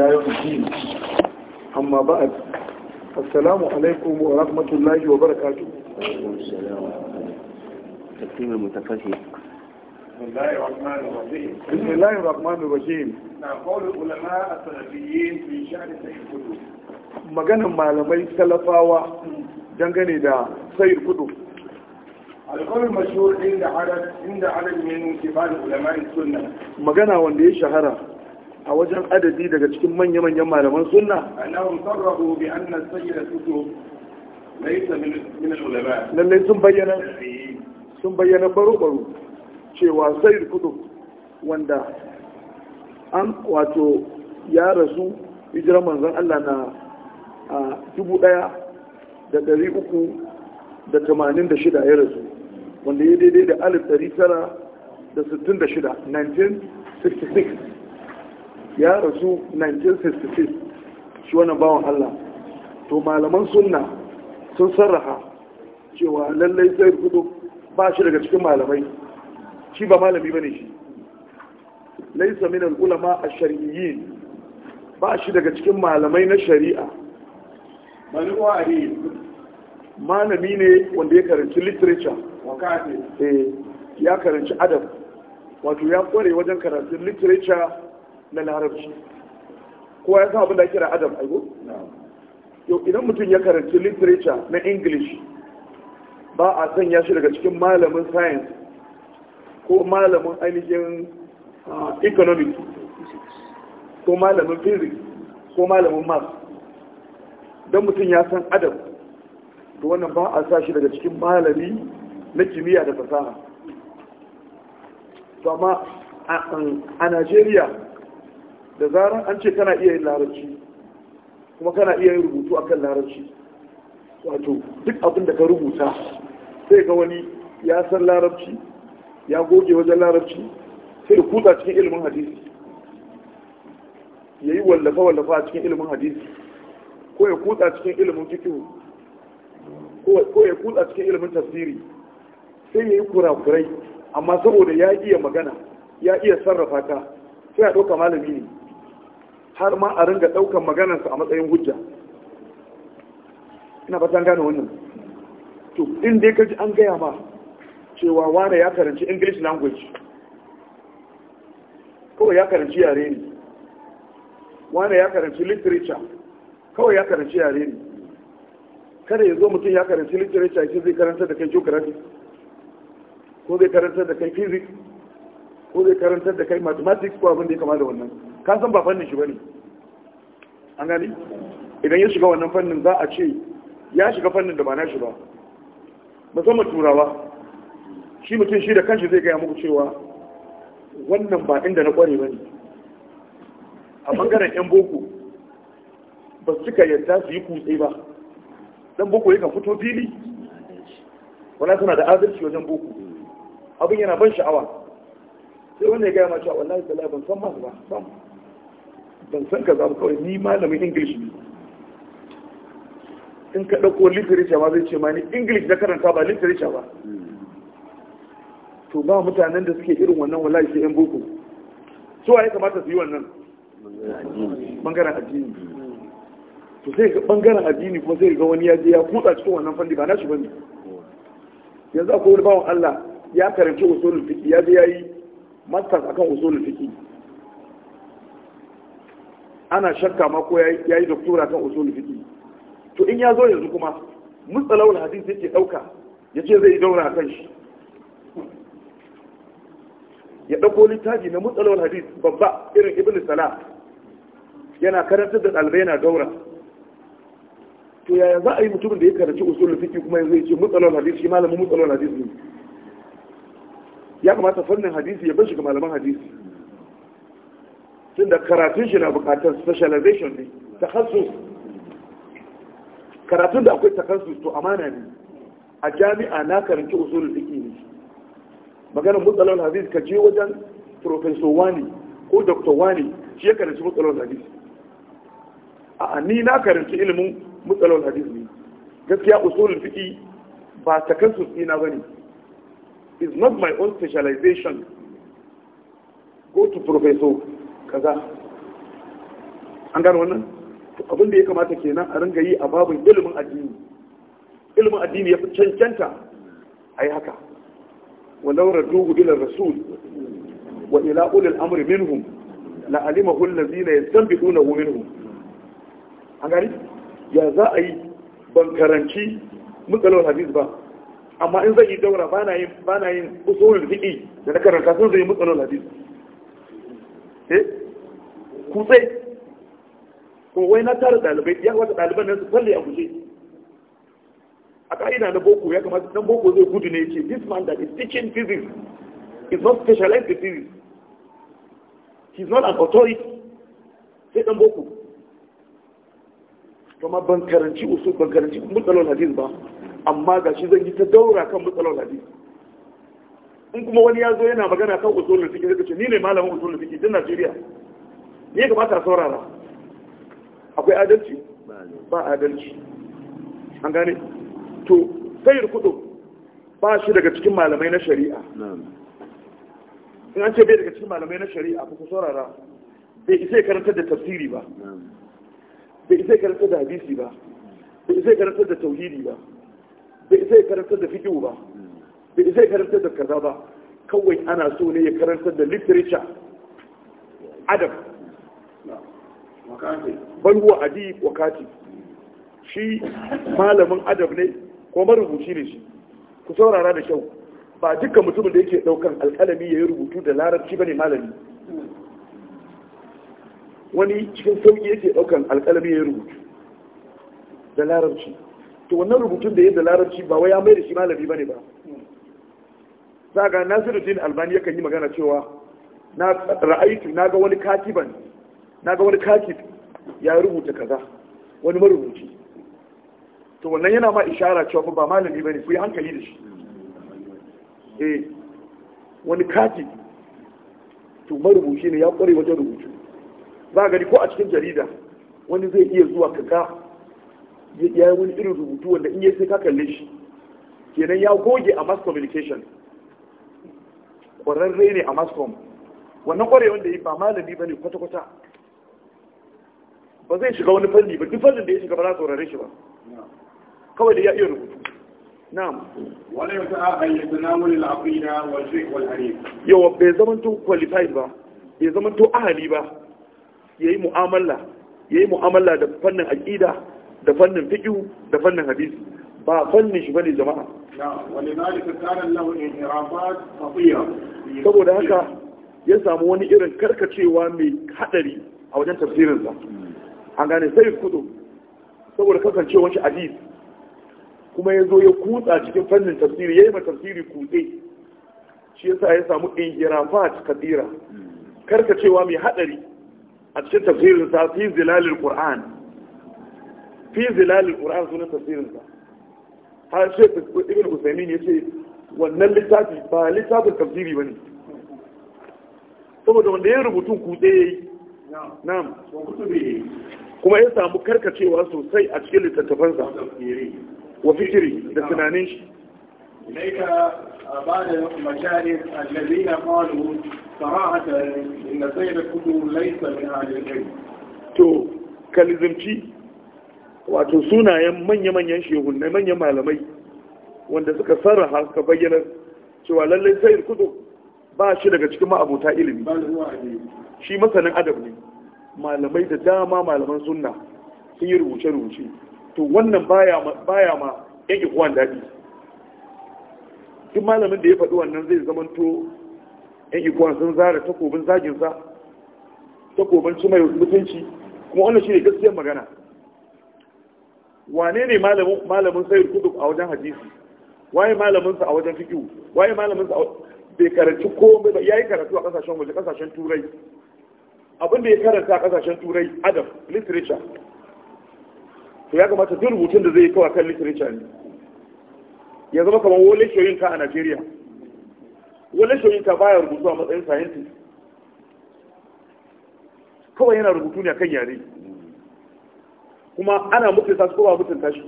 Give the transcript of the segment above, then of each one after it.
إلى يوم الدين أما بعد السلام عليكم ورحمة الله وبركاته السلام عليكم تكريم بسم الله الرحمن الرحيم بسم الله الرحمن الرحيم نقول نعم، علماء السلفيين في شهر سيد قدو مجانا معلمي سلفاوة جنجني دا سيد قدو القول المشهور عند عدد عند عدد من كبار علماء السنة مجانا وانديه شهره a wajen adadi daga cikin manya-manyan malaman sunna annahum lalle sun bayyana sun bayyana baro-baro cewa sayyid kutub wanda an wato ya rasu hijirar manzon Allah na a dubu ɗaya da ɗari uku da tamanin da shida ya rasu wanda ya daidai da alif ɗari tara da sittin da shida 1966 ya rasu 1966 shi wani bawan Allah to malaman sunna sun sarraha cewa lallai zai kudu ba shi daga cikin malamai shi ba malami bane shi laisa min al-ulama ash-shar'iyyin ba shi daga cikin malamai na shari'a malami ne wanda ya karanci literature eh, ya karanci adab wato ya kware wajen karatun literature na larabci kowa ya san abin da ake kira adam aigo yau idan mutum ya karanci literature na english ba a sanya shi daga cikin malamin science ko malamin ainihin ah, economic ko malamin physics ko malamin math don mutum ya san adam da wannan ba a sa shi daga cikin malami na kimiyya da fasaha to amma a najeriya da zarar an ce kana iya yin larabci kuma kana iya yin rubutu akan larabci wato duk abin da ka rubuta sai ga wani ya san larabci ya goge wajen larabci sai kuta cikin ilimin hadisi ya yi wallafa-wallafa a cikin ilimin hadisi ko ya kuta cikin ilimin fikihu ko ya kuta cikin ilimin tafsiri sai ya yi kurakurai amma saboda ya iya magana ya iya sarrafa ta sai a ɗauka malami ne har ma a ringa ɗaukan maganarsa a matsayin hujja ina fatan gane wannan to in dai kaji an gaya ma cewa wane ya karanci english language kawai ya karanci yare ne wane ya karanci literature kawai ya karanci yare ne kada ya zo mutum ya karanci literature shi zai karanta da kai geography ko zai karanta da kai physics ko zai karanta da kai mathematics ko abin da ya kama da wannan ka san ba fannin shi bane an gani idan ya shiga wannan fannin za a ce ya shiga fannin da ba na shi ba musamman turawa shi mutum shi da kanshi zai gaya muku cewa wannan ba inda na kware bane a bangaren yan boko ba su cika yadda su yi kutse ba dan boko yakan fito fili wani suna da adalci wajen boko abin yana ban sha'awa sai wanda ya gaya ma cewa wallahi ban san masu ba ban san ka zaɓa kawai ni malamin english ne in ka ɗauko literature ma zai ce ma ni english na karanta ba literature ba to ba mutanen da suke irin wannan wallahi sai yan boko su waye kamata su yi wannan bangaren addini to sai ga bangaren addini ko sai ga wani ya je ya kutsa cikin wannan fanni ba nashi bane yanzu akwai wani bawan Allah ya karanci usulul fiqh ya je yayi masters akan usulul fiqh ana shakka ma ko ya yi doktora kan usul fiqi to in ya zo yanzu kuma mutsalawul hadis yake dauka ya ce zai daura a kan shi ya dauko littafi na mutsalawul hadis babba irin ibn salah yana karantar da ɗalibai yana daura to yaya za a yi mutumin da ya karanci usul fiqi kuma yanzu ya ce mutsalawul hadis shi malamin mutsalawul hadis ne ya kamata fannin hadisi ya bar shi ga malaman hadisi tun da karatun shi na bukatar specialization ne ta takassus karatun da akwai takassus to amana ne a jami'a na karanci usulul fiqi ne Maganin mutsalal hadis ka je wajen Profeso wani ko dr wani shi ya karanci mutsalal hadis a ni na karanci ilimin mutsalal hadis ne gaskiya usulun fiqi ba takassus ba ne. is not my own specialization go to professor kaza an gano wannan abin da ya kamata kenan a ringa yi a babin ilimin addini ilimin addini ya fi cancanta a yi haka walau raduhu ilar rasul wa ila ulil amri minhum la alimahu allazina yastanbihunahu minhum an gani ya za a yi ban karanci mutsalawar hadis ba amma in zai yi daura ba na yin usulul fiɗi da na karanta sun zai mutsalawar hadis eh kutse kuma wai na tara dalibai ya kamata daliban nan su falle a guje a ka'ida na boko ya kamata dan boko zai gudu ne ce this man that is teaching physics is not specialized in physics he is not an authority sai dan boko kuma ban karanci usul ban karanci mutsalon hadis ba amma ga shi zan yi ta daura kan mutsalon hadis in kuma wani ya zo yana magana kan usulun fiki zai ce ni ne malamin usulun fiki din Najeriya ne ga mata saurara akwai adalci ba adalci an gane to sayar kudu ba shi daga cikin malamai na shari'a in an ce bai daga cikin malamai na shari'a ku saurara bai isa karanta da tafsiri ba bai isa karanta da hadisi ba bai isa karanta da tauhidi ba bai isa karanta da fiqh ba bai isa karanta da kaza ba kawai ana so ne ya karanta da literature adam bal huwa adib wa katib shi malamin adab ne ko marubuci ne shi ku saurara da kyau ba dukkan mutumin da yake daukan alkalami ya yi rubutu da larabci bane malami wani cikin sauki yake daukan alkalami ya yi rubutu da larabci to wannan rubutun da ya da larabci ba wai ya mai da shi malami bane ba saka nasiruddin albani yakan yi magana cewa na ra'aitu na ga wani katiban na ga wani katib ya rubuta kaza wani marubuci to wannan yana ma ishara cewa ba malami bane ku yi hankali da shi eh wani katib to marubuci ne ya kware wajen rubutu za a gani ko a cikin jarida wani zai iya zuwa kaga ya yi wani irin rubutu wanda in yi sai ka kalle shi kenan ya goge a mass communication ƙwararre ne a mass com wannan ƙwarewan da yi ba malami ba ne kwata-kwata ba zai shiga wani fanni ba duk fannin da ya shiga ba za a saurare shi ba kawai da ya iya rubutu na'am wala yata a yatanawul al-aqida wal fiqh wal hadith yawa bai to qualified ba bai to ahali ba yayi mu'amala yayi mu'amala da fannin aqida da fannin fiqh da fannin hadisi ba fannin shi bane jama'a wani zalika kana lahu inhirafat khatiya saboda haka ya samu wani irin karkacewa mai hadari a wajen tafsirinsa an gane sai kudu saboda kasance shi hadis kuma ya zo ya kutsa cikin fannin tafsiri ya yi ma tafsiri kutse shi yasa ya samu kadira kabira cewa mai hadari a cikin tafsirin sa fi zilalil qur'an fi zilalil qur'an sunan tafsirin sa har shi ibn usaymin yace wannan littafi ba littafin tafsiri bane saboda wanda ya rubutu kutse yayi na'am na'am kuma ya samu karkacewa sosai a cikin littattafansa wa fikiri da tunanin shi to kalizimci wato sunayen manya-manyan shehunai manyan malamai wanda suka sarraha suka bayyana cewa lallai sayar kudu ba shi daga cikin ma'abuta ilimi shi masanin adab ne malamai da dama malaman sunna sun yi rubuce-rubuce to wannan baya ma yan ikuwan daɗi duk malamin da ya faɗi wannan zai zamanto yan ikuwan sun zara takobin zaginsa takobin su mai mutunci kuma wannan shi ne gaskiyar magana wane ne malamin sayar kudu a wajen hadisi waye malaminsa a wajen fikiyu waye malaminsa bai karanci komai ya yi karatu a kasashen waje kasashen turai abin da ya karanta a kasashen turai adam literature to ya kamata duk rubutun da zai yi kawai kan literature ne ya zama kamar wole shoyinka a Najeriya wole shoyinka baya rubutu a matsayin scientist kawai yana rubutu ne a kan yare kuma ana mutunta shi ko ba mutunta shi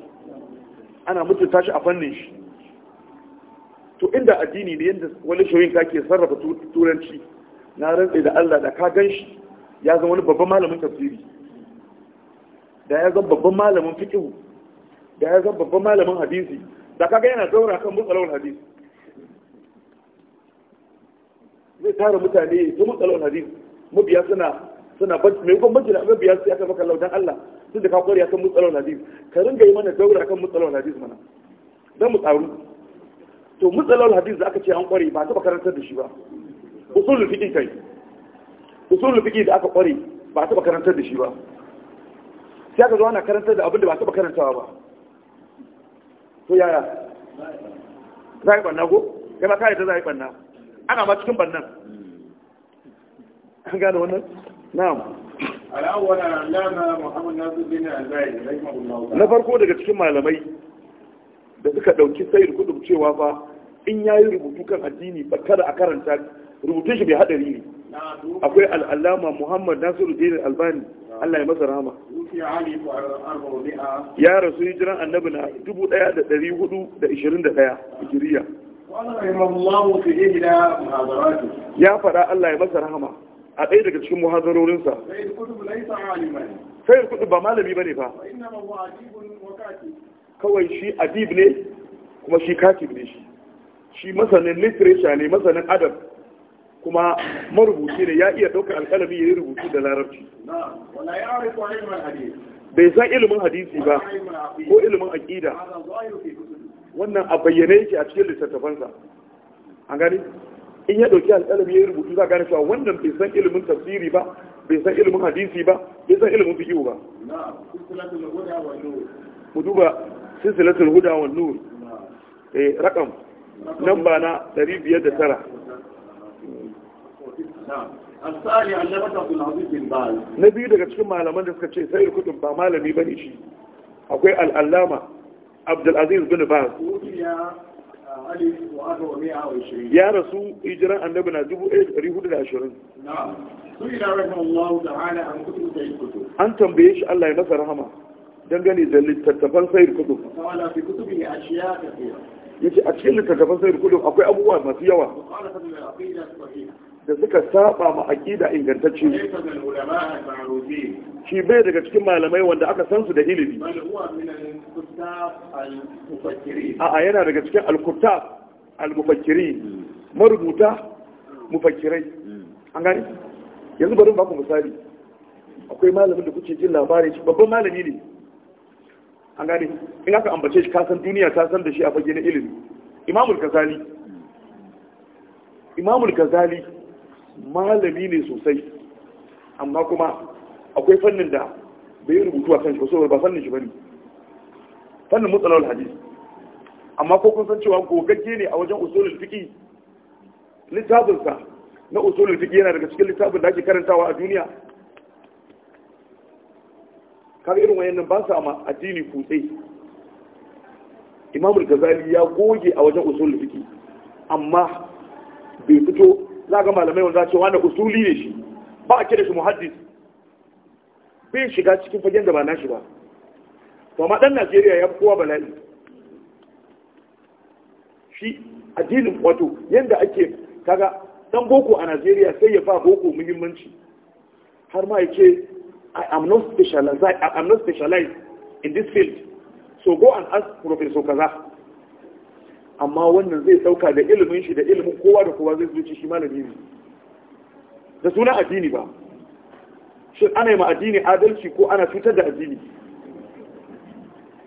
ana mutunta shi a fannin shi to inda addini ne yadda wani shoyinka ke sarrafa turanci na rantsa da Allah da ka gan shi ya zama wani babban malamin tafsiri da ya zama babban malamin fiqh da ya zama babban malamin hadisi da kaga yana zaura kan mutsalawar hadisi zai tara mutane ta mutsalawar hadisi mabiya suna suna mai kuma majina mabiya su kafa maka lautan Allah sun da kakwari kan mutsalawar hadisi ka ringa yi mana zaura kan mutsalawar hadisi mana don mu tsaru to mutsalawar hadisi da aka ce an kware ba ta makarantar da shi ba usulul fiqh kai usulul fiqi da aka kware ba a taba karantar da shi ba sai aka zo ana karantar da abin da ba a taba karantawa ba to yaya za yi banna go? kai kai ta za yi banna ana ma cikin bannan an gane wannan na'am na farko daga cikin malamai da suka ɗauki sayar kudu cewa fa in ya yi rubutu kan addini ba kada a karanta rubutun shi bai hadari ne akwai al'allama muhammad nasiru dinin albani allah ya masa rahama ya rasu hijiran annabi na 1421 hijiriya ya faɗa allah ya masa rahama a ɗaya daga cikin muhazarorinsa sayar kudu ba malami ba ne ba kawai shi adib ne kuma shi katib ne shi shi masanin literature ne masanin adab kuma marubuci ne ya iya ɗaukar alƙalami ya yi rubutu da larabci bai san ilimin hadisi ba ko ilimin aƙida wannan a bayyane yake a cikin littattafansa an gani in ya ɗauki alƙalami ya yi rubutu za a gane cewa wannan bai san ilimin tafsiri ba bai san ilimin hadisi ba bai san ilimin fiƙiyu ba mu duba silsilatul huda wa nur eh rakam namba na 509 ba. na biyu daga cikin malaman da suka ce sai kudin ba malami bane shi akwai al'allama abdulaziz bin baz ya rasu hijiran annabi na 1420 an tambaye shi Allah ya masa rahama dangane da littattafan sayar kudu ya ce a cikin littattafan sayar kudu akwai abubuwa masu yawa da suka saba ma aqida ingantacce shi bai daga cikin malamai wanda aka san su da ilimi a'a yana daga cikin al-kuttab al-mufakkiri marubuta mufakkirai hmm. an gani yanzu bari ba ku misali akwai malamin da kuke jin labarin shi babban malami ne an gani in aka ambace shi kasan duniya ta san da shi a fage na ilimi imamul kazali imamul kazali malami ne sosai amma kuma akwai fannin da bai yi rubutu a kan shi ba saboda ba fannin shi bane fannin mutsalawar hadis amma ko kun san cewa gogagge ne a wajen usulul fiqi littafinsa na usulul fiqi yana daga cikin littafin da ake karantawa a duniya kaga irin wayannan ba su ma addini kutse imamul gazali ya goge a wajen usulul fiqi amma bai fito za ga malamai wanda ce na usuli ne shi ba a kira shi muhaddis bai shiga cikin fagen da ba nashi ba to amma dan Najeriya ya kowa bala'i shi addinin wato yanda ake kaga dan boko a Najeriya sai ya ba boko muhimmanci har ma yake I am not specialized I am not specialized in this field so go and ask professor kaza amma wannan zai sauka da ilimin shi da ilimin kowa da kowa zai zuci shi malami da suna addini ba shin ana yi ma addini adalci ko ana cutar da addini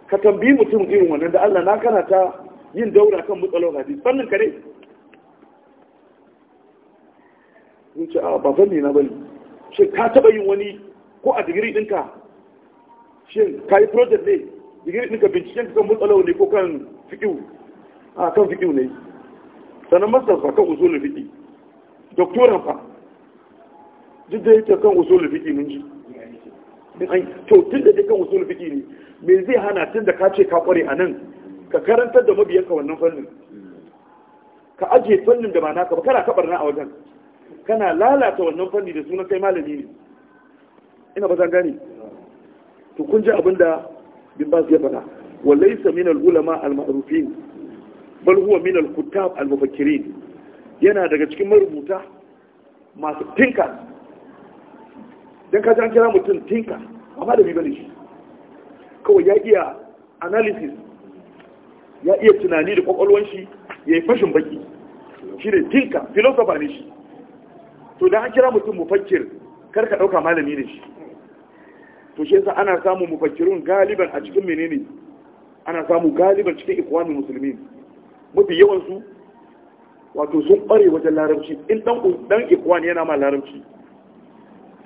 ka tambayi mutum irin wannan da Allah na ta yin daura kan matsalar hadis sannan kare sun ce a ah, ba ne na bane shin ka taba yin wani ko a digiri ɗinka shin ka yi project ne digiri ɗinka binciken kan matsalar ne ko kan fikiyu a kan fiƙi ne sannan masar fa kan usulun fiƙi doktoran fa duk da yake kan usulun fiƙi mun ji to tun da kan usulun fiƙi ne me zai hana tun da ka ce ka kware a nan ka karantar da mabiyanka wannan fannin ka ajiye fannin da ba naka ba kana kabar na a wajen kana lalata wannan fanni da sunan kai malami ne ina ba zan gane to kun ji abinda bin ba ya faɗa laysa min al-ulama al-ma'rufin bal huwa min al-kuttab al-mufakkirin yana daga cikin marubuta masu tinka dan kaji an kira mutum tinka amma da bibali shi kawai ya iya analysis ya iya tunani da kwakwalwan shi ya yi fashin baki shi ne tinka philosopher ne shi to dan an kira mutum mufakkir kar ka dauka malami ne shi to shi yasa ana samun mufakkirun galiban a cikin menene ana samu galiban cikin ikwamin musulmi mafi yawansu wato sun ɓare wajen larabci in ɗan ɗan ikwani yana ma larabci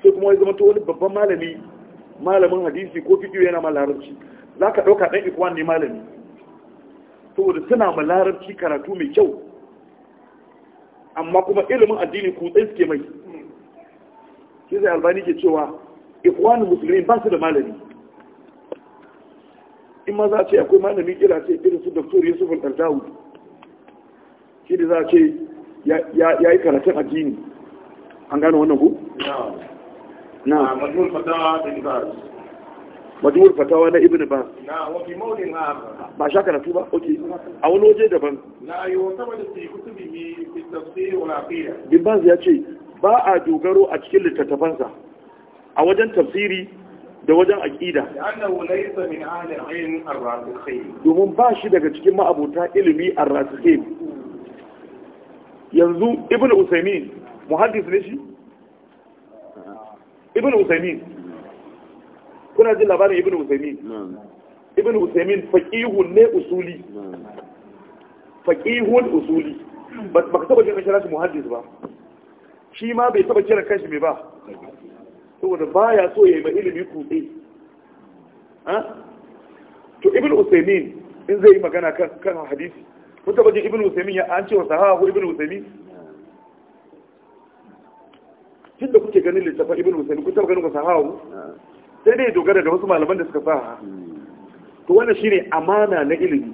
sai kuma ya zama to wani babban malami malamin hadisi ko fiƙiyo yana ma larabci za ka ɗauka ɗan ikwani ne malami saboda suna ma larabci karatu mai kyau amma kuma ilimin addini tsaye suke mai shi zai albani ke cewa ikwani musulmi ba su da malami in ma za a ce akwai malami kira ce irin su doktor yusuf al shi da za a ce ya yi karatun addini an gano wannan ku? na ah, majiyar fatawa da bas majiyar fatawa na ibn bas na wafi maulin ba sha karatu ba ok a wani waje daban na yi wata wani su yi kutubi bi tafsiri wa lafiya bin bas ya ce ba a dogaro a cikin littattafansa a wajen tafsiri da wajen aƙida domin ba shi daga cikin ma'abuta ilimi a rasikin yanzu ibn usaimin muhaddis ne shi ibn usaimin kuna jin labarin ibn usaimin ibn usaimin faqihun ne usuli faqihun usuli ba ka taba jin rashin muhaddis ba shi ma bai taba kira kashi mai ba saboda baya so ya yi ma ilimi kutse to ibn usaimin in zai yi magana kan hadisi kun taba ji ibn usaimin ya an cewa sahahu ibn usaimin tun da kuke ganin littafa ibn usaimin kun taba ganin ku sahahu sai dai dogara da wasu malaman da suka sa to wannan shine amana na ilimi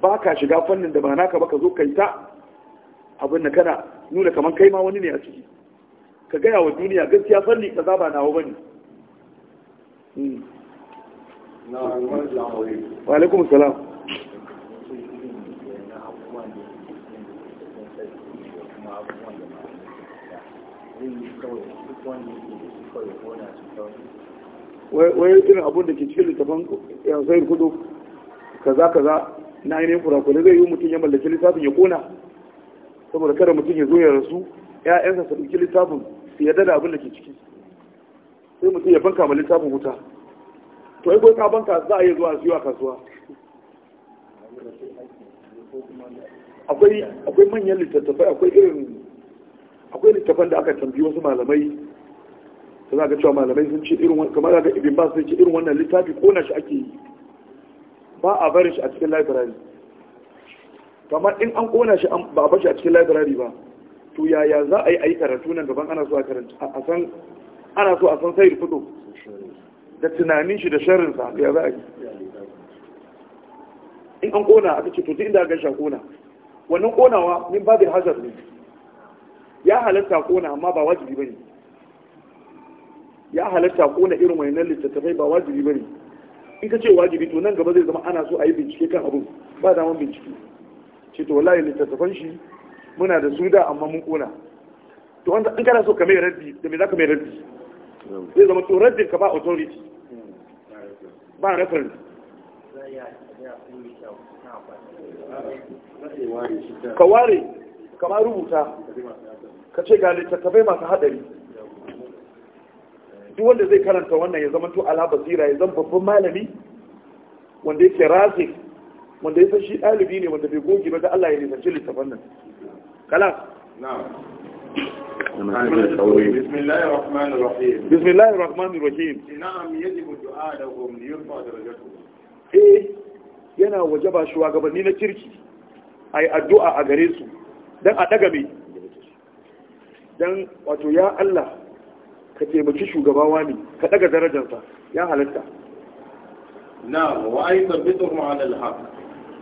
ba ka shiga fannin da ba naka ba ka zo kai ta abin da kana nuna kamar kai ma wani ne a ciki ka gaya wa duniya gaskiya fanni ka zaba nawa bane wa alaikum salam ma abubuwan da yi kawai duk wanda yake kawai su kawai wai irin abun da ke cikin littafin yanzu kudu kaza kaza na ainihin kurakuri zai yi mutum ya mallaki littafin ya kona saboda kada mutum ya zo ya rasu ya'yansa su ɗauki littafin su yarda da abin da ke ciki sai mutum ya banka ma littafin wuta to ai ko ka banka za a iya zuwa siyo a kasuwa akwai manyan littattafai akwai irin akwai littattafan da aka tambi wasu malamai ta za ka cewa malamai sun ce irin kamar da ibn ba sai ce irin wannan littafi kona shi ake yi ba a bari shi a cikin library kamar in an kona shi ba a bar shi a cikin library ba to yaya za a yi a yi karatu nan gaban ana so a karanta a san ana so a san sai da tunanin shi da sa ya za a yi in an kona aka ce to duk inda ga shi a kona wannan konawa min babin hazard ne ya halatta kona amma ba wajibi bane ya halatta kona irin wayannan littattafai ba wajibi bane in ka ce wajibi to nan gaba zai zama ana so a yi bincike kan abu ba daman bincike ce to wallahi littattafan shi muna da su da amma mun kona to wanda in kana so ka mai raddi da me za ka mai raddi zai zama to raddin ka ba authority ba reference ka ware kamar rubuta ka ce ga littattafai masu haɗari duk wanda zai karanta wannan ya zama to ala basira ya zama babban malami wanda yake razik wanda ya san shi ɗalibi ne wanda bai goge ba da Allah ya nisanci littafan nan kalas بسم الله الرحمن الرحيم بسم الله الرحمن الرحيم نعم يجب الدعاء لهم ليرفع درجتهم eh yana waje ba shugabanni na kirki a yi addu'a a gare su don a ɗaga mai Dan wato ya Allah ka taimaki shugabawa ne ka ɗaga darajarsa ya halatta na wa'ayi tabbitar ma'adal haka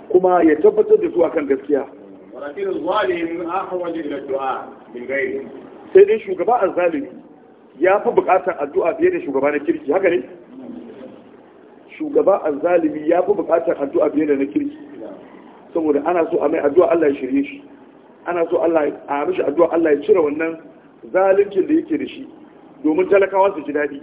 kuma ya tabbatar da su akan gaskiya sai dai shugaba a ya fi bukatar addu'a fiye da shugaba na kirki haka ne shugaba zalimi ya fi bukatar addu'a fiye da na kirki saboda ana so a mai addu'a Allah ya shirye shi ana so Allah a mishi addu'a Allah ya cire wannan zalincin da yake da shi domin talakawa su ji daɗi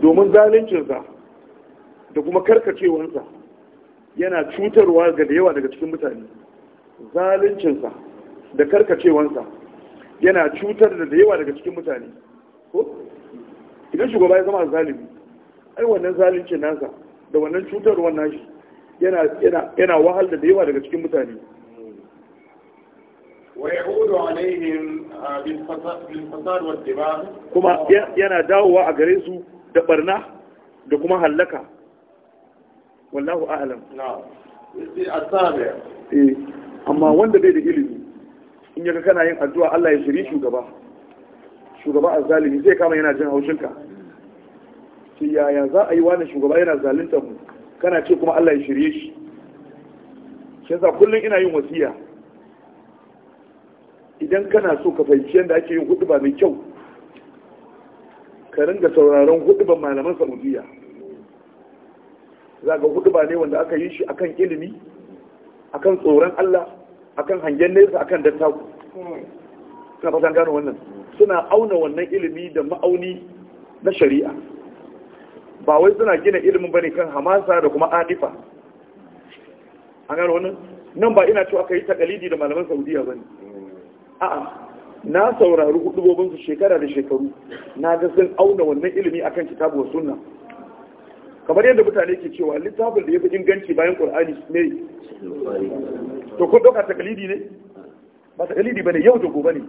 domin zalincinsa da kuma karkacewansa yana cutarwa ga da yawa daga cikin mutane zalincinsa da karkacewansa yana cutar da yawa daga cikin mutane ko idan shugaba ya zama zalimi ai wannan zalunci nasa da wannan cutar wannan shi yana yana yana wahal da yawa daga cikin mutane wa yaudu alaihim ah, bil kuma yana dawowa a gare su da barna da kuma halaka wallahu a'lam na'am eh, amma wanda bai da ilimi in yaga kana yin addu'a Allah ya shiri shugaba shugaba azzalimi zai kama yana jin haushinka sai yaya za a yi wani shugaba yana zalunta mu kana ce kuma Allah ya shirye shi shi kullum ina yin wasiya idan kana so ka fahimci yadda ake yin hudu ba mai kyau ka ringa sauraron hudu ba malaman saudiya za ga hudu ba ne wanda aka yi shi akan ilimi akan tsoron Allah akan hangen nesa akan dattaku suna fatan gano wannan suna auna wannan ilimi da ma'auni na shari'a ba wai suna gina ilimin bane kan hamasa da kuma adifa an gano wannan nan ba ina cewa aka yi takalidi da malaman saudiya bane a'a na saurari hudubobinsu shekara da shekaru na ga sun auna wannan ilimi akan kitabu wa sunna kamar yadda mutane ke cewa littafin da ya fi inganci bayan ƙul'ani ne to kun ɗauka takalidi ne ba takalidi ba ne yau da gobe ne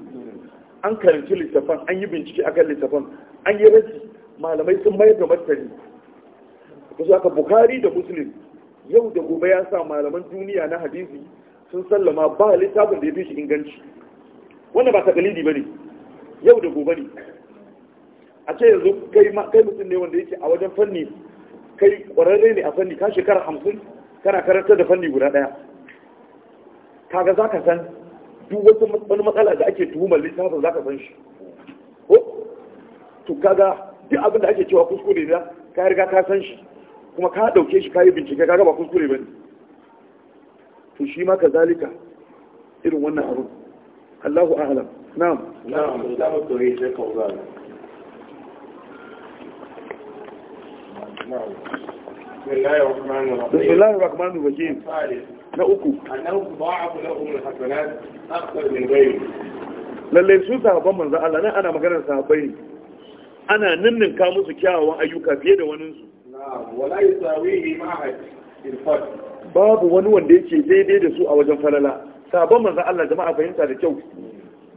an karanci littafan an yi bincike akan littafan an yi rashi malamai sun mayar da martani kusa aka bukari da muslim yau da gobe ya sa malaman duniya na hadisi sun sallama ba littafin da ya fi shi inganci wannan ba takalidi ba ne yau da gobe ne a ce yanzu kai mutum ne wanda yake a wajen fanni kai kwararre ne a fanni ka shekara hamsin kana karantar da fanni guda ɗaya kaga za ka san duk wata wani matsala da ake tuhumar littafin za ka san shi ko to kaga duk abin da ake cewa kuskure ne ka riga ka san shi kuma ka ɗauke shi ka yi bincike ka gaba kuskure ba ne to shi ma kazalika irin wannan abu Allahu a'lam na'am na'am da بسم الله الرحمن الرحيم na uku lallai su sahabban manzan Allah nan ana maganar sahabbai ne ana ninninka musu kyawawan ayyuka fiye da waninsu babu wani wanda yake daidai da su a wajen falala Sabon manzan Allah jama'a fahimta da kyau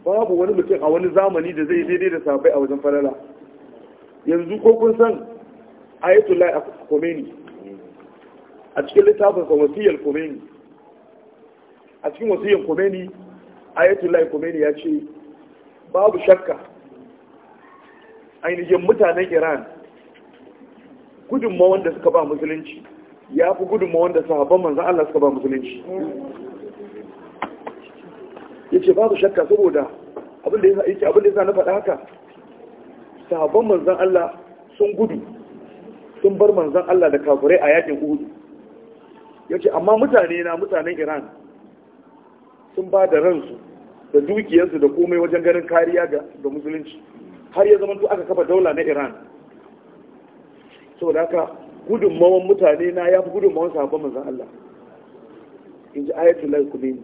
babu wani mutum a wani zamani da zai daidai da sabai a wajen falala yanzu ko kun san ayatollah khomeini a cikin littafin sa wasiyar khomeini a cikin wasiyar khomeini ayatollah khomeini ya ce babu shakka ainihin mutanen iran gudunmawar da suka ba musulunci ya fi gudunmawar da sahabban manzan Allah suka ba musulunci ya ce babu shakka saboda abinda ya sa na faɗa haka sahabban manzan Allah sun gudu sun bar manzan Allah da kafirai a yakin Ya yace amma mutane na mutanen Iran sun ba da ransu da dukiyarsu da komai wajen ganin kariya ga musulunci har ya zama aka kafa daula na Iran saboda haka gudunmawan mutane na ya fi gudunmawan sahabban manzan Allah in ji ayatul lahi kudin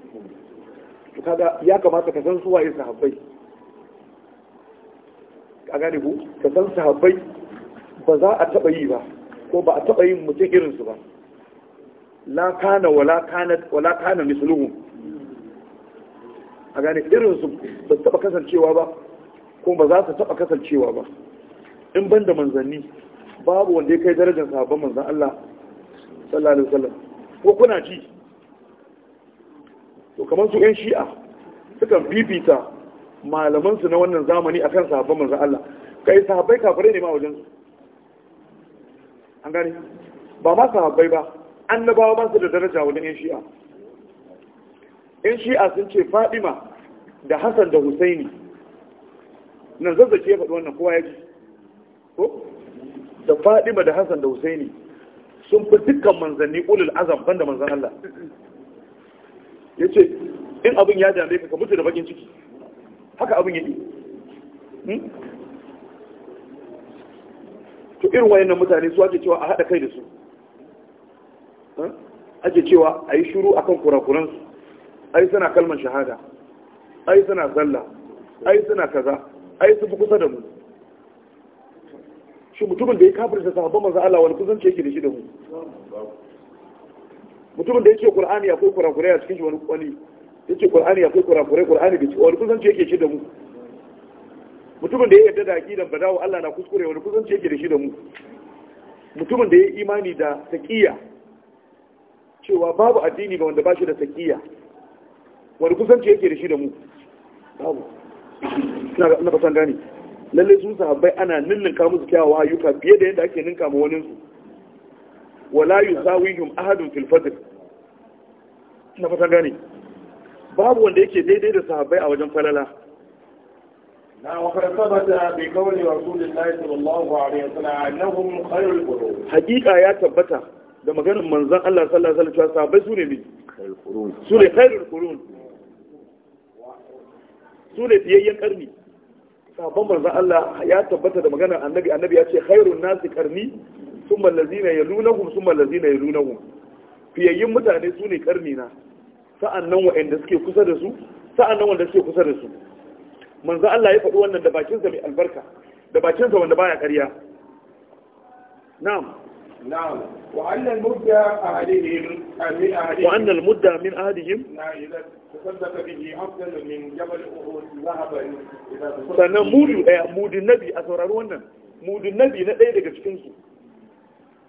to kaga ya kamata ka san su waye sahabbai a gane ku ka san sahabbai ba za a taɓa yi ba ko ba a taɓa yin mutum irinsu ba la kana wala kana misluhu a gane irinsu ba su taɓa kasancewa ba ko ba za su taɓa kasancewa ba in ban da manzanni babu wanda ya kai darajar sahabban manzan Allah sallallahu alaihi wasallam ko kuna ji to kamar su 'yan shi'a sukan bibita malamansu na wannan zamani akan sahabban manzan Allah kai sahabbai kafirai ne ma wajen su an gani ba ma sahabbai ba annabawa ba su da daraja wani yan shi'a yan shi'a sun ce fadima da hassan da husaini nan zazzake ya faɗi wannan kowa ya ji ko da fadima da hassan da husaini sun fi dukkan manzanni ulul azam banda manzan Allah ya ce in abin ya dame ka mutu da bakin ciki haka abin ya ɗi to irin wayannan mutane su ake cewa a haɗa kai da su ake cewa a yi shuru akan kurakuransu ai suna kalmar shahada ai suna a ai suna kaza ai su fi kusa da mu shi mutumin da ya da sahabban manzo Allah wani kusanci yake da shi da mu mutumin da ya ce Qur'ani akwai kurakurai a cikin shi wani wani ce Qur'ani akwai kurakurai kur'ani da shi wani kusanci yake shi da mu mutumin da ya yarda da aqidan badawo Allah na kuskure wani kusanci yake da shi da mu mutumin da ya imani da taqiya cewa babu addini ga wanda bashi da taqiya wani kusanci yake da shi da mu babu na ba san gani lalle sun sahabbai ana ka musu kyawawa ayyuka fiye da yadda ake ninka ma wani su wala yusawihum ahadun fil fadl na san gani babu wanda yake daidai da sahabbai a wajen falala وقد ثبت بقول رسول الله صلى الله عليه وسلم انهم خير القرون حقيقه يا ثبت da maganar manzan Allah sallallahu alaihi wasallam sahabbai su ne sune khairul qurun ne fiyayyen karni sahabban manzan Allah ya tabbata da maganar annabi annabi ya ce khairun nasi karni thumma allazina yalunahum thumma allazina yalunahum fiyayyen mutane ne karni na sa'annan wa'anda suke kusa da su sa'annan wanda suke kusa da su manzo Allah ya faɗi wannan da bakinsa mai albarka da bakinsa wanda baya ƙarya na'am na'am wa annal mudda ahadihim wa annal mudda min ahadihim sannan mudu ɗaya eh, mudun nabi a saurari wannan mudun nabi na ɗaya daga cikinsu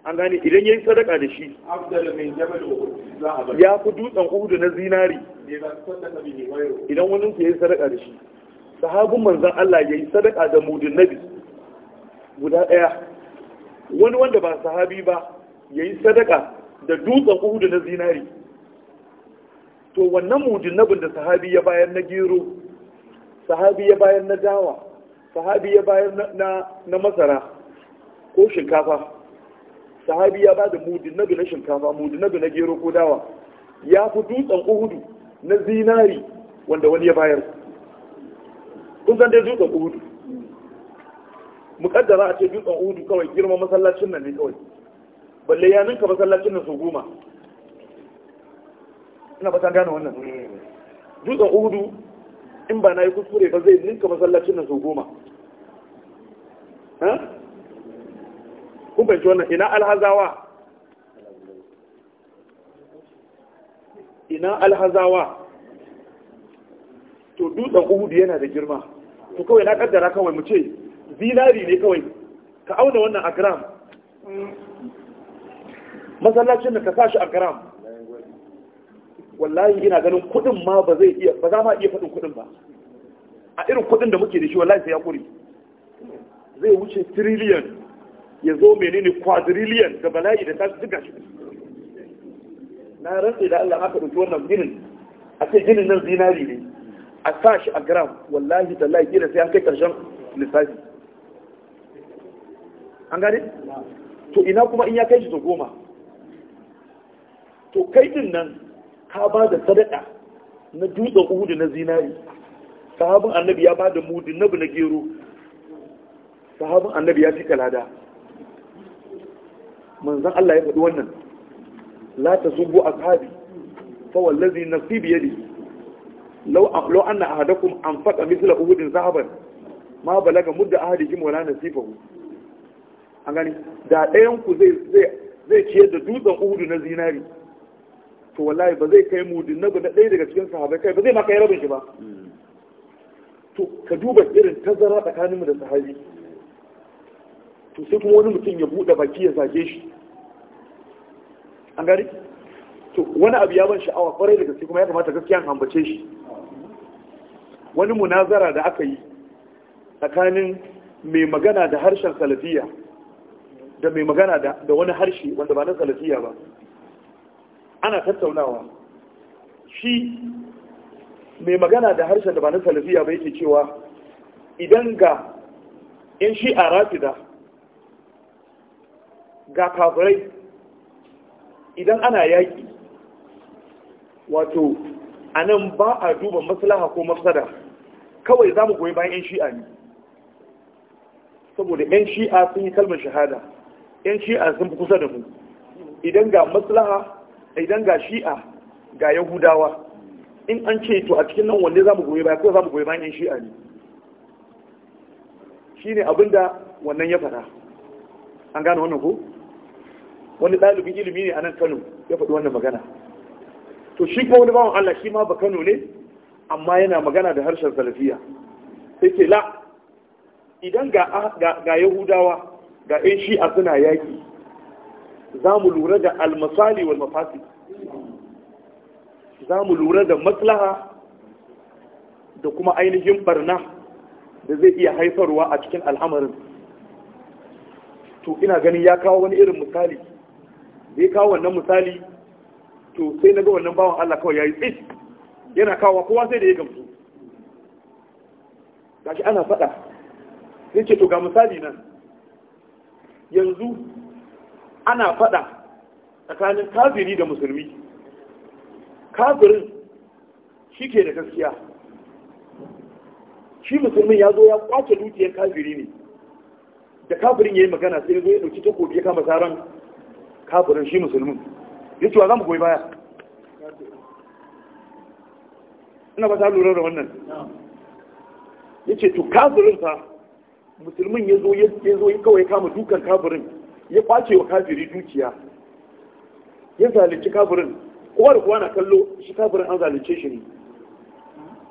an gane idan ya yi sadaka da shi ya fi dutsen uhudu na zinari idan wani ya yi sadaka da shi sahabin manzan Allah ya yi sadaka da mudin nabi guda ɗaya wani wanda ba sahabi ba ya yi sadaka da dutsen uhudu na zinari to wannan mudin nabin da sahabi ya bayar na gero sahabi ya bayar na dawa sahabi ya bayar na masara ko shinkafa sahabi ya ba da mudin nabi na shinkafa mudin nabi na gero ko dawa ya fi dutsen uhudu na zinari wanda wani ya bayar kun san dai dutsen uhudu mukaddara a ce dutsen uhudu kawai girma masallacin nan ne kawai balle ya ninka masallacin nan su goma ina ba ta gane wannan dutsen uhudu in ba na yi kuskure ba zai ninka masallacin nan su goma kun fahimci wannan ina alhazawa ina alhazawa to dutsen uhudu yana da girma to kawai na kaddara kawai mu ce zinari ne kawai ka auna wannan a gram masallacin da ka sa shi a gram wallahi ina ganin kudin ma ba zai iya ba za ma iya faɗin kudin ba a irin kudin da muke da shi wallahi sai ya kuri zai wuce trillion ya zo menene quadrillion ga bala'i da tashi duka shi na rantsi da Allah aka dauki wannan ginin a ce ginin nan zinari ne a sa shi a gram wallahi da laifi da sai an kai karshen lissafi an gane to ina kuma in ya kai shi da goma to kai din nan ka ba da sadaka na dutsen uhudu na zinari sahabin annabi ya ba da mudin nabu na gero sahabin annabi ya fi kalada manzan Allah ya faɗi wannan la ta zubu ashabi fa na fi bi da lau an na ahadakum an faɗa misla uhudin zahaban ma balaga mudda ahadihim wala nasifahu an gani da ɗayan ku zai ciyar da dutsen uhudu na zinari to wallahi ba zai kai mudin na ɗaya daga cikin sahabai kai ba zai ma kai rabin shi ba to ka duba irin tazara tsakaninmu da sahabi to sai kuma wani mutum ya buɗe baki ya zage shi an gani to wani abu ya ban sha'awa kwarai da gaske kuma ya kamata gaskiya ambace shi wani munazara da aka yi tsakanin mai magana da harshen salafiya da mai magana da wani harshe wanda ba na salafiya ba ana tattaunawa shi mai magana da harshen da ba na salafiya ba yake cewa idan ga 'yan a rafida ga kafirai idan ana yaƙi wato a nan ba a duba maslaha ko mafsada kawai za mu goyi bayan 'yan shi'a ne saboda 'yan shi'a sun yi kalmar shahada 'yan shi'a sun fi kusa da mu idan ga maslaha idan ga shi'a ga yahudawa in an ce to a cikin nan wanne za mu goyi bayan ko za mu goyi bayan 'yan shi'a ne shi ne abinda wannan ya fara an gane wannan ko wani ɗalibin ilimi ne a nan kano ya faɗi wannan magana to shi ko wani bawan Allah shi ma ba Kano ne amma yana magana da harshen salafiya sai ce la idan ga ga Yahudawa ga ƴan Shi'a suna yaki za mu lura da almasali wal mafasi za mu lura da maslaha da kuma ainihin barna da zai iya haifarwa a cikin al'amarin to ina ganin ya kawo wani irin misali zai kawo wannan misali to sai na ga wannan bawan Allah kawai ya yi tsit yana kawo kowa sai da ya gamsu gashi ana faɗa sai ce to ga misali nan yanzu ana faɗa tsakanin kafiri da musulmi kafirin shi ke da gaskiya shi musulmin ya zo ya kwace dukiyar kafiri ne da kafirin ya yi magana sai ya zo ya ɗauki takobi ya kama tsaron kafirin shi musulmin Yace wa za goyi baya ina ba ta lura da wannan ya ce to kafirin ta musulmin ya zo ya zo kawai kama dukan kafirin ya kwace wa kafiri dukiya ya zalunci kafirin kowa da kowa na kallo shi kafirin an zalunce shi ne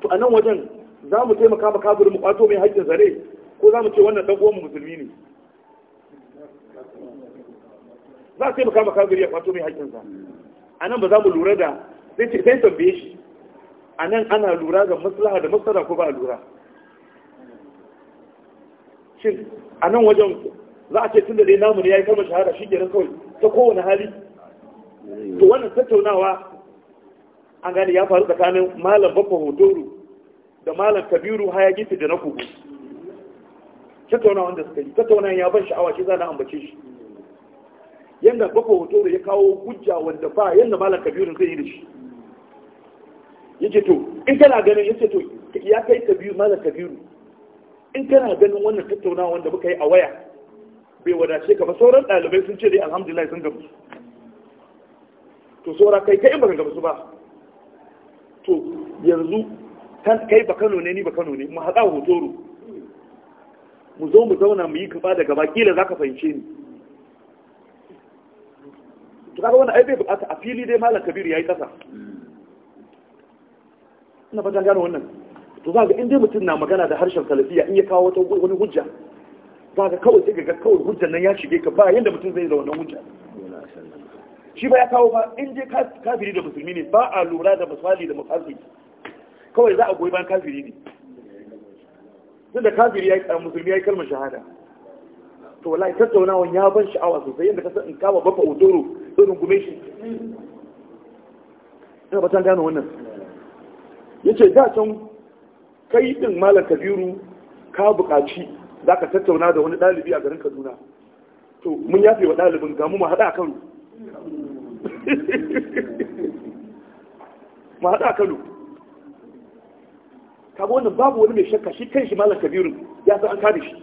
to a nan wajen za mu taimaka ma kafirin mu kwato mai haƙƙin zare ko za mu ce wannan ɗan uwan musulmi ne za a taimaka maka gari ya kwato mai haƙƙinsa a nan ba za mu lura da zai ce sai tambaye shi a nan ana lura ga maslaha da maslaha ko ba a lura shin a nan wajen za a ce tun da dai namu ne ya yi kama shahara shi gerin kawai ta kowane hali to wannan tattaunawa an gane ya faru tsakanin malam bakwa hotoro da malam kabiru Haya fi da na kogo. tattaunawa wanda suka yi tattaunawa ya ban sha'awa shi za na ambace shi yanda baka hoto da ya kawo hujja wanda ba yanda malam kabirin zai yi da shi yace to in kana ganin yace to ya kai kabiru malam kabiru in kana ganin wannan tattaunawa wanda muka yi a waya bai wadace ka ba sauran ɗalibai sun ce dai alhamdulillah sun gamsu to saura kai kai in baka gamsu ba to yanzu kai ba Kano ne ni ba Kano ne mu haɗa hotoro mu zo mu zauna mu yi gaba da gaba kila zaka fahimce ni to kaga wannan ai bai bukata a fili dai malam kabir yayi kasa ina ba gano wannan to za ga in dai mutum na magana da harshen salafiya in ya kawo wata wani hujja zaka ka kawai sai ga kawai hujjan nan ya shige ka ba yanda mutum zai da wannan hujja shi ba ya kawo ba in dai kafiri da musulmi ne ba a lura da misali da mafasi kawai za a goyi bayan kafiri ne tunda kafiri ya yi musulmi ya yi kalmar shahada to wallahi tattaunawan ya ban sha'awa sosai yadda ka san in kama bafa otoro irin gume shi ina ba gano wannan Ya ce da can kai din malam kabiru ka buƙaci za ka tattauna da wani ɗalibi a garin kaduna to mun yafe wa ɗalibin gamu mu haɗa a kano mu haɗa a kano kaga wannan babu wani mai shakka shi kan shi malam kabiru ya san an kare shi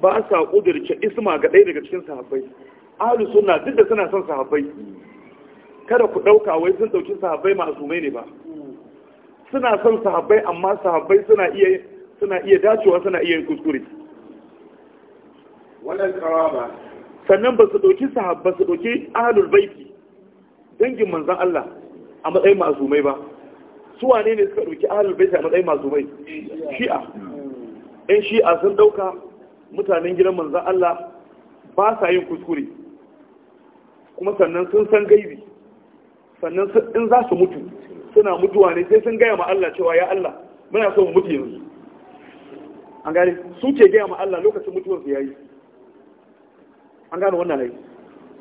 ba sa ƙudurce isma ga ɗaya daga cikin sahabbai ahli sunna duk da suna son sahabbai kada ku ɗauka wai sun ɗauki sahabbai masumai ne ba suna son sahabbai amma sahabbai suna iya suna iya dacewa suna iya kuskure wannan karama sannan ba su ɗauki sahabba su ɗauki ahlul baiti dangin manzon Allah a matsayin masumai ba su wane ne suka ɗauki ahlul baiti a matsayin masumai eh, shi'a ɗan shi'a sun ɗauka mutanen gidan manzan Allah ba sa yin kuskure kuma sannan sun san gaibi sannan in za su mutu suna mutuwa ne sai sun gaya ma Allah cewa ya Allah muna so mu mutu yanzu an gane su ce gaya ma Allah lokacin mutuwar su yayi an gane wannan ne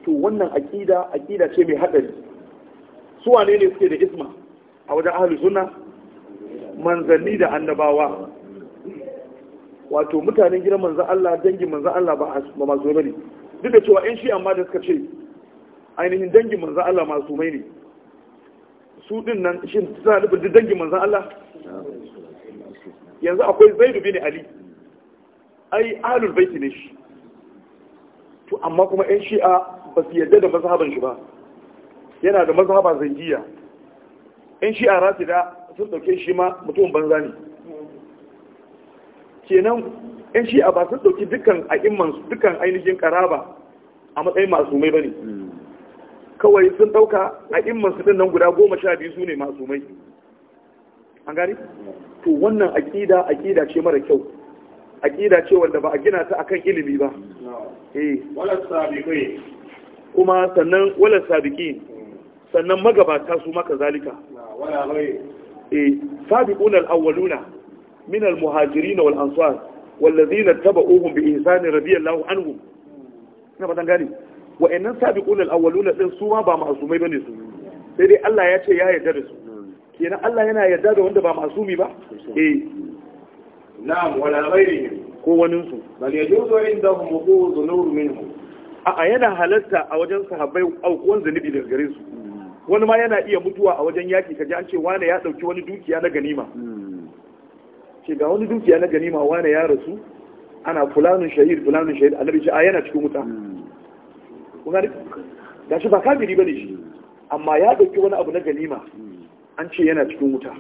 to wannan aqida aqida ce mai hadari su wane ne suke da isma a wajen ahlus sunna manzanni da annabawa wato mutanen gidan manzo Allah dangin manzo Allah ba ba masu bane duk da cewa yan shi amma da suka ce ainihin dangin manzo Allah masu mai ne su din nan shi suna nufin duk dangin manzan Allah yanzu akwai zaidu bin ali ai alul baiti ne shi to amma kuma yan shi'a ba su yarda da mazhaban shi ba yana da mazhaba zangiya yan shi'a rasida sun dauke shi ma mutum banza ne kenan yan a ba sun ɗauki dukkan su dukkan ainihin karaba a matsayin masumai ba ne kawai sun ɗauka su ɗin nan guda goma sha biyu su ne masumai an gani to wannan aƙida aƙida ce mara kyau aƙida ce wanda ba a gina ta akan ilimi ba eh kuma sannan wala sabiki sannan magabata su maka zalika eh sabiqun al-awwaluna من المهاجرين muhajirin والذين ansar wallazina رضي الله عنهم radiyallahu anhum ina fatan gani wa'annan sabiqun al-awwaluna din su ma ba ma'asumai bane su sai Allah ya ce ya yarda da su kenan Allah yana yarda da wanda ba ma'asumi ba eh na'am wala ghairihim ko wanin su bal yajuzu indahum a yana halatta a wajen sahabbai aukuwan zunubi daga gare wani ma yana iya mutuwa a wajen yaki kaji an ce Wani ya dauki wani dukiya na ganima hmm. ce ga wani dukiya na ganima wane ya rasu ana fulanin shahid fulanin shahid annabi ce a yana cikin wuta kuma ga shi ba kafiri bane shi amma ya dauki wani abu na ganima an ce yana cikin wuta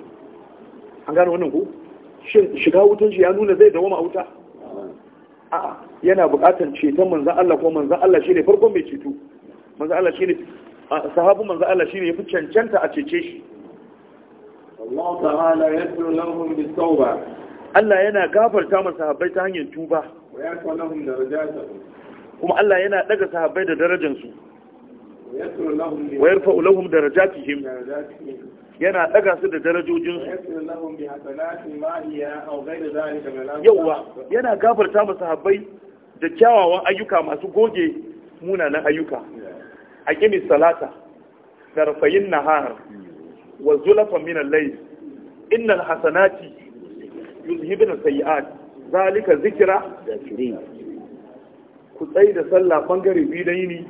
an gano wannan ko shin shiga wutan shi ya nuna zai da a wuta a'a yana buƙatar ceton manzon Allah ko manzon Allah shine farkon mai ceto manzon Allah shine sahabu manzon Allah shine yafi cancanta a cece shi Allah ta'ala yadda lahum bis Allah yana gafarta masa sahabbai ta hanyar tuba kuma Allah yana daga sahabbai da darajansu wayar yarfa'u lahum darajatihim yana daga su da darajojinsu yawa yana gafarta masa sahabbai da kyawawan ayyuka masu goge munanan ayyuka aqimis salata da rafayin nahar wa zulafan minan lai inna hasanati yuzhibna sayi'at zalika zikra ku tsayi da sallah bangare biyu da yini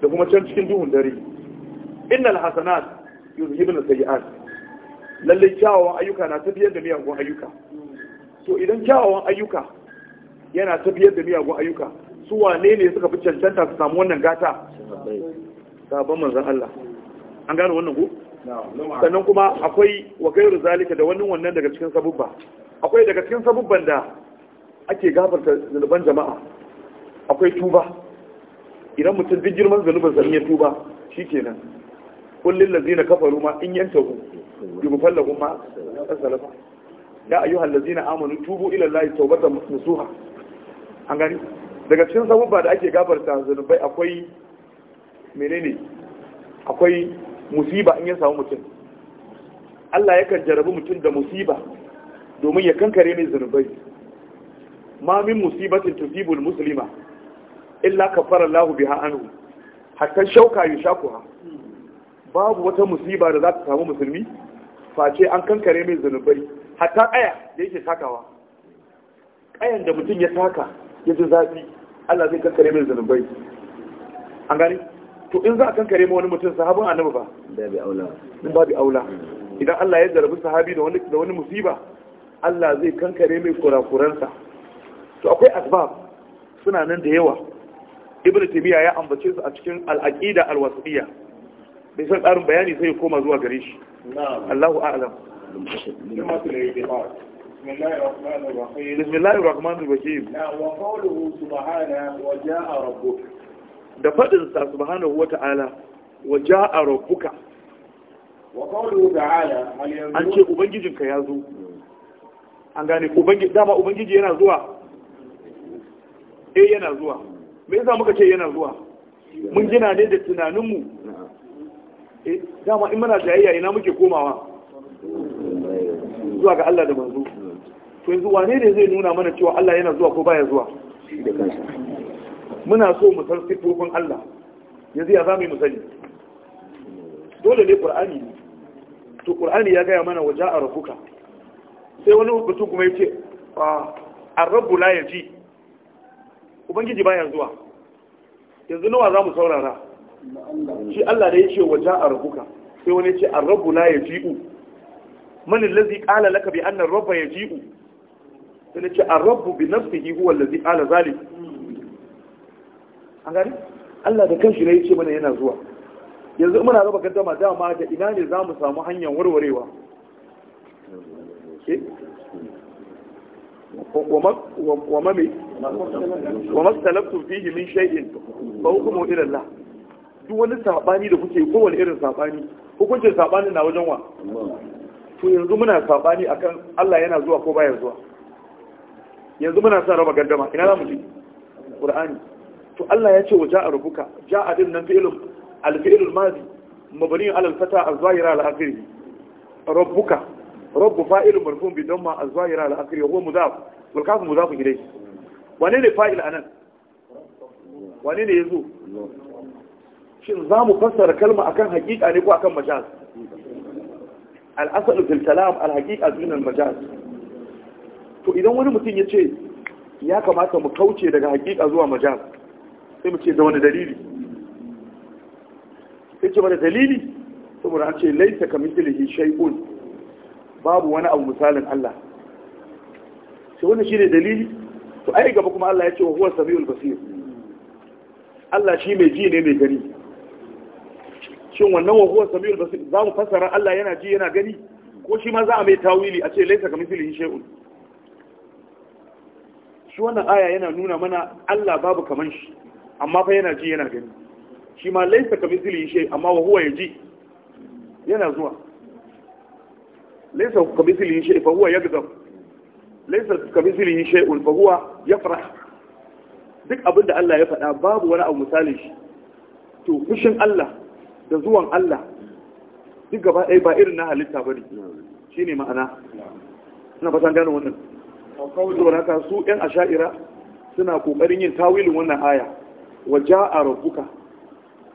da kuma can cikin duhun dare innal hasanat yuzhibna sayi'at lalle kyawawan ayyuka na tafiyar da miyagun ayyuka to idan kyawawan ayyuka yana tafiyar da miyagun ayyuka su wane ne suka fi cancanta su samu wannan gata sabon manzan Allah an gane wannan ku sannan kuma akwai wa gairu zalika da wannan wannan daga cikin sabubba akwai daga cikin sabubban da ake gafarta zunuban jama'a akwai tuba idan mutum duk girman zunuban zan iya tuba shi kenan, kullum lazina kafaru ma in falla yubfallahu ma salafa ya ayyuhal lazina amanu tubu ila allahi tawbatan nasuha an gani daga cikin sabubba da ake gafarta zunubai akwai menene akwai musiba in ya samu mutum Allah yakan jarabi mutum da musiba domin ya kankare min zunubai ma min musibatin tusibul muslima illa kafara Allah biha anhu hatta shauka yushakuha babu wata musiba da za ta samu musulmi face an kankare min zunubai hatta aya da yake takawa ayan da mutum ya taka ya ji zafi Allah zai kankare min zunubai an gani to in za a kankare ma wani mutum sahabin annabi ba bi aula idan Allah ya jarabi sahabi da wani musiba Allah zai kankare mai kurakuransa to akwai asbab suna nan da yawa ibn Tabiya ya ambace su a cikin al-aqida al bai san tsarin bayani sai koma zuwa gare shi Allahu a'lam bismillahir rahmanir rahim wa qawluhu subhana wa jaa rabbuk da fadin sa subhanahu wata'ala wa jaa rabbuka wa qawluhu ta'ala an ce ubangijinka ya zo an gane ubangiji dama ubangiji yana zuwa eh yana zuwa me yasa muka ce yana zuwa mun gina ne da tunaninmu eh dama in muna jayayya ina muke komawa zuwa ga Allah da manzo to yanzu wane ne zai nuna mana cewa Allah yana zuwa ko baya zuwa muna so mu san sifofin Allah yanzu ya zamu mu sani dole ne qur'ani to qur'ani ya gaya mana waja'a rabbuka sai wani mutum kuma ya ce ah, arrabu la ya ji ubangiji baya zuwa yanzu nawa za mu saurara shi Allah da ya ce waje a rabuka sai wani ya ce arrabu la ya ji'u manin lazi kala laka bi annan rabba ya ji'u sai na ce arrabu bi nafsihi huwa lazi kala zali an gani Allah da kanshi na ya ce mana yana zuwa yanzu muna raba gaddama dama da ina ne za mu samu hanyar warwarewa wa mame wa mastalabtu fihi min shay'in fa hukumu ila Allah duk wani sabani da kuke kowane irin sabani hukuncin sabani na wajen wa to yanzu muna sabani akan Allah yana zuwa ko baya zuwa yanzu muna sa raba gandama, ina za mu ji qur'ani to Allah ya ce wa rubuka, ja'a din nan fi'lun al-fi'lul madi mabni ala al-fata az-zahira al-akhir rabbuka Rabu fa'il marfu bi damma az-zahira al-akhir huwa mudaf wal kafu mudaf gidai. wane ne fa'il anan wane ne ya zo? shin za mu fassara kalma akan hakika ne ko akan majaz al-asl fil kalam al-haqiqa min majaz to idan wani mutum ya ce ya kamata mu kauce daga hakika zuwa majaz sai mu ce da wani dalili sai ce wani dalili saboda an ce laisa kamithlihi shay'un babu wani abu misalin Allah sai shi shine dalili to ai gaba kuma Allah ya ce wa huwa samiul basir Allah shi mai ji ne mai gani shin wannan wa huwa samiul basir za mu fassara Allah yana ji yana gani ko shi ma za a mai tawili a ce laisa ka mislihi shay'un shi wannan aya yana nuna mana Allah babu kaman shi amma fa yana ji yana gani shi ma laisa ka mislihi shay amma wa huwa yaji yana zuwa laisa kamithlihi shay fa huwa yakzab laisa kamithlihi shay'un fa huwa yafrah duk abinda Allah ya faɗa babu wani abu misali shi to fushin Allah da zuwan Allah duk gaba ɗaya ba irin na halitta bane shine ma'ana suna fatan gane wannan saboda haka su ƴan asha'ira suna ƙoƙarin yin tawilin wannan aya wa ja'a rabbuka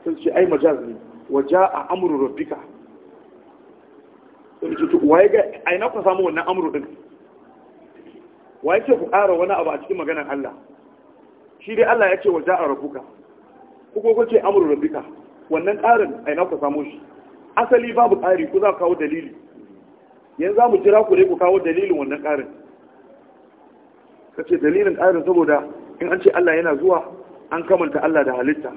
sun ce ai majaz ne wa ja'a amru rabbika waye ga ai na ku samu wannan amru din waye ce ku ƙara wani abu a cikin maganar Allah shi dai Allah ya ce wa ja'a rabbuka ku ko ku ce amru rabbika wannan ƙarin ai na ku samu shi asali babu ƙari ku za ku kawo dalili yanzu za mu jira ku ne ku kawo dalilin wannan ƙarin ka ce dalilin ƙarin saboda in an ce Allah yana zuwa an kamanta Allah da halitta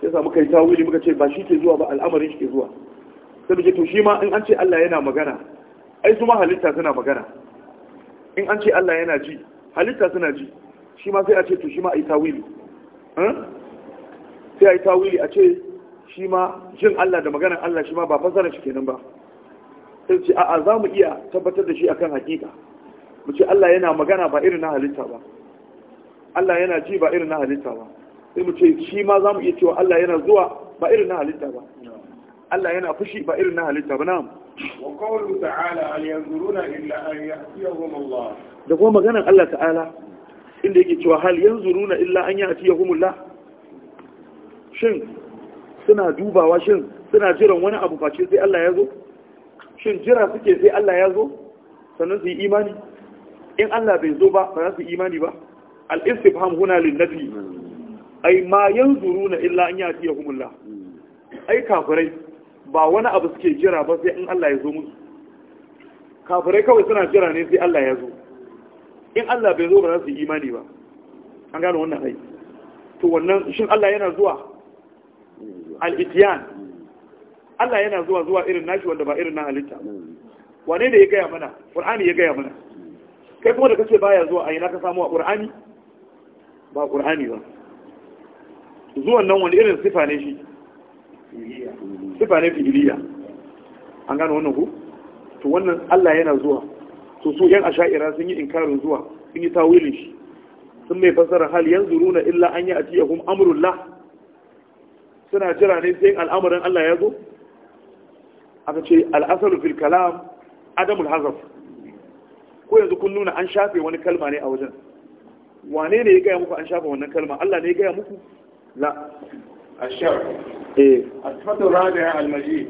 sai sa kai yi tawili muka ce ba shi ke zuwa ba al'amarin shi ke zuwa sai muke to shi ma in an ce Allah yana magana ai su ma halitta suna magana in an ce Allah yana ji halitta suna ji shi ma sai a ce to shi ma ai tawili sai ai tawili a ce shi ma jin Allah da maganar Allah shi ma ba fasara shi kenan ba sai ce a'a za mu iya tabbatar da shi akan hakika mu ce Allah yana magana ba irin na halitta ba Allah yana ji ba irin na halitta ba sai mu ce shi ma za mu iya cewa Allah yana zuwa ba irin na halitta ba Allah yana fushi ba irin na halitta ba na'am wa qawlu ta'ala al yanzuruna illa an ya'tiyahum Allah da kuma maganar Allah ta'ala inda yake cewa hal yanzuruna illa an ya'tiyahum Allah shin suna dubawa shin suna jiran wani abu face sai Allah ya zo shin jira suke sai Allah ya zo sannan su yi imani in Allah bai zo ba ba za su yi imani ba al istifham huna lin nabi ai ma yanzuruna illa an ya'tiyahum Allah ai kafirai ba wani abu suke jira ba sai in Allah ya zo musu kafirai kawai suna jira ne sai Allah ya zo in Allah bai zo ba za su yi imani ba an gano wannan ai to wannan shin Allah yana zuwa al-ityan Allah yana zuwa zuwa irin nashi wanda ba irin na halitta wane ne ya gaya mana qur'ani ya gaya mana kai kuma da kace baya zuwa ai na ka samu a qur'ani ba qur'ani ba zuwan nan wani irin sifa ne shi sifa ne fi'iliya an gano wannan ku to wannan Allah yana zuwa to su yan asha'ira sun yi inkarin zuwa sun yi tawilin shi sun mai fasara hal yanzu, runa illa an ya'tiyahum amrullah suna jira ne sai al'amarin Allah ya zo aka ce al'asalu fil kalam adamul hazaf ko yanzu kun nuna an shafe wani kalma ne a wajen wane ne ya gaya muku an shafe wannan kalma Allah ne ya gaya muku la ashar eh asfatu rabi'a almaji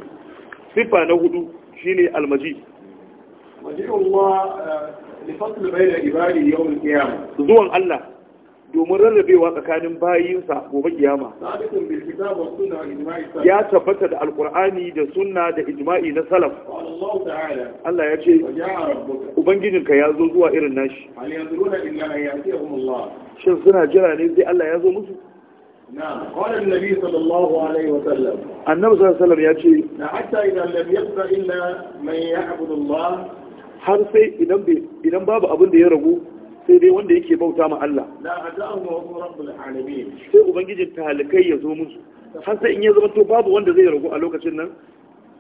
sifa na hudu ne almaji eh, zuwan Allah domin rarrabewa tsakanin bayinsa gobe kiyama ya tabbata da alkur'ani da sunna da ijma'i na salaf Allah ya ce ubangijinka ya zo zuwa irin nashi shin suna jira ne sai Allah ya zo musu قال النبي صلى الله عليه وسلم النبي صلى الله عليه وسلم يأتي حتى إذا لم يبقى إلا من يعبد الله har sai idan babu abin da ya ragu sai dai wanda yake bauta ma Allah sai ubangijin talikai ya zo musu har sai in ya zama to babu wanda zai ragu a lokacin nan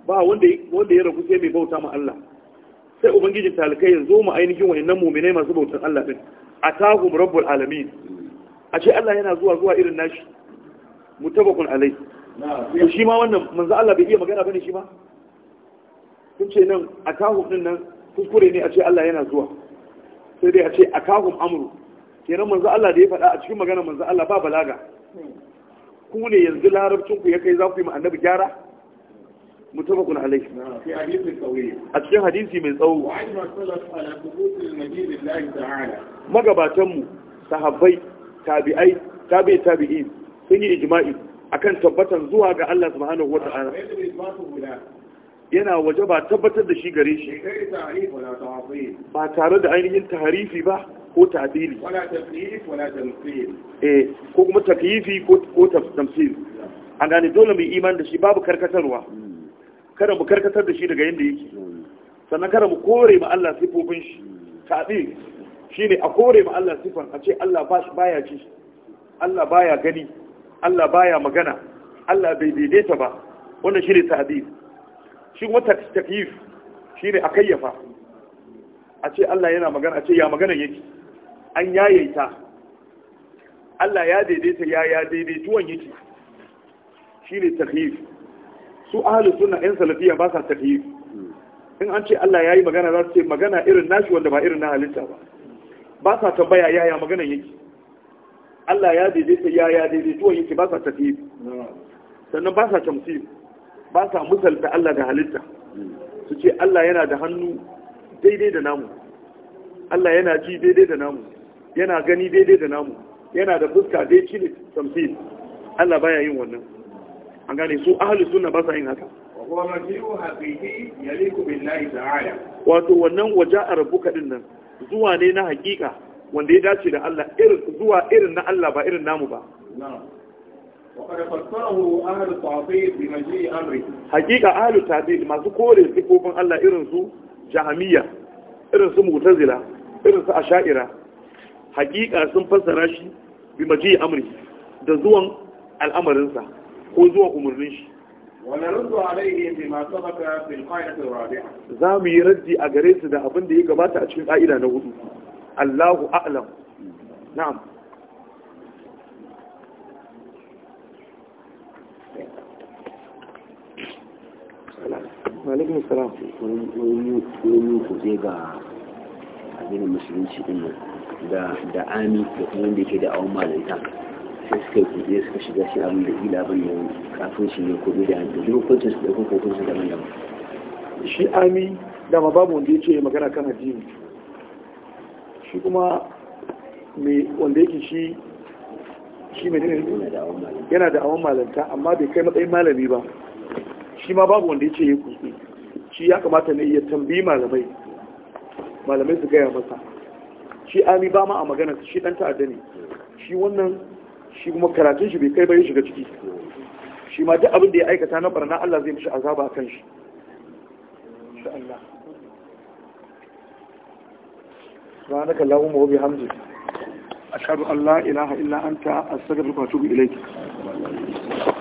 ba wanda ya ragu sai mai bauta ma Allah sai ubangijin talikai ya zo ma ainihin wayannan mu'minai masu bautar Allah din atahum rabbul alamin ce Allah yana zuwa zuwa irin nashi mutabakun alai to shi ma wannan manzo Allah bai iya magana bane shi ma kun ce nan akahum din nan kuskure ne a ce Allah yana zuwa sai dai a ce akahum amru kenan manzo Allah da ya faɗa a cikin magana manzo Allah ba balaga ku ne yanzu larabcin ku ya kai za ku yi ma annabi gyara mutabakun alai a cikin hadisi mai tsawo magabatan mu sahabbai tabi'ai tabi tabi'i sun yi ijma'i akan tabbatan zuwa ga Allah subhanahu wata'ala yana waje ba tabbatar da shi gare shi ba tare da ainihin taharifi ba ko ta'dili eh ko kuma takyifi ko ko A an gane dole mai iman da shi babu karkatarwa kada mu karkatar da shi daga yanda yake hmm. sannan kada mu kore ma Allah sifofin shi ta'dili ne a kore ma Allah sifan a ce Allah baya ji Allah baya gani Allah baya magana Allah bai daidaita ba wannan shi ne ta'dil shi wata shi ne a kayyafa a ce Allah yana magana a ce ya magana yake an yayaita Allah ya daidaita ya ya daidaituwan yake ne takyif su ahlus suna ɗin salafiya ba sa takyif in an ce Allah ya yi magana za su ce magana irin nashi wanda ba irin na halitta ba ba sa tambaya yaya maganan yake Allah ya daidaita yaya daidaituwan yake ba sa tafiye sannan ba sa tamsi ba sa musalta Allah da halitta su ce Allah yana da hannu daidai da namu Allah yana ji daidai da namu yana gani daidai da namu yana da fuska dai shi tamsi Allah baya yin wannan an gane su ahli sunna ba sa yin haka Wa Yaliku wato wannan waja'a a rabuka din nan zuwa ne na hakika wanda ya dace da Allah irin zuwa irin na Allah ba irin namu ba hakika ahlu ta'dil masu kore sifofin Allah irin su jahamiya irin su mu'tazila irin su asha'ira hakika sun fassara shi bi maji amri da zuwan al'amarin sa, ko zuwan umarnin shi za mu yi raddi a gare su da abin da ya gabata a cikin ƙa'ida na hudu Allahu a'lam na'am alaikun salam wani ku zai ga addinin musulunci din da ami da kuma wanda ke da awon malanta sai suka yi kuɗi suka shiga shi abin da ila ban da kafin shi ne ko da hannu duk kwanci su da hukuncin su daban daban shi ami dama babu wanda ya ce magana kan addini shi kuma me wanda yake shi shi mai yana da awon malanta amma bai kai matsayin malami ba shi ma babu wanda ya ce ya kuɗi shi ya kamata ne ya tambayi malamai malamai su gaya masa shi ami ba ma a magana shi ɗan ta'adda ne shi wannan shi kuma karatun shi bai kai bai shiga ciki shi ma duk abin da ya aikata na barna Allah zai mishi azaba a kan shi insha Allah subhanaka allahumma wa bihamdika ashhadu an la ilaha illa anta astaghfiruka wa atubu ilayk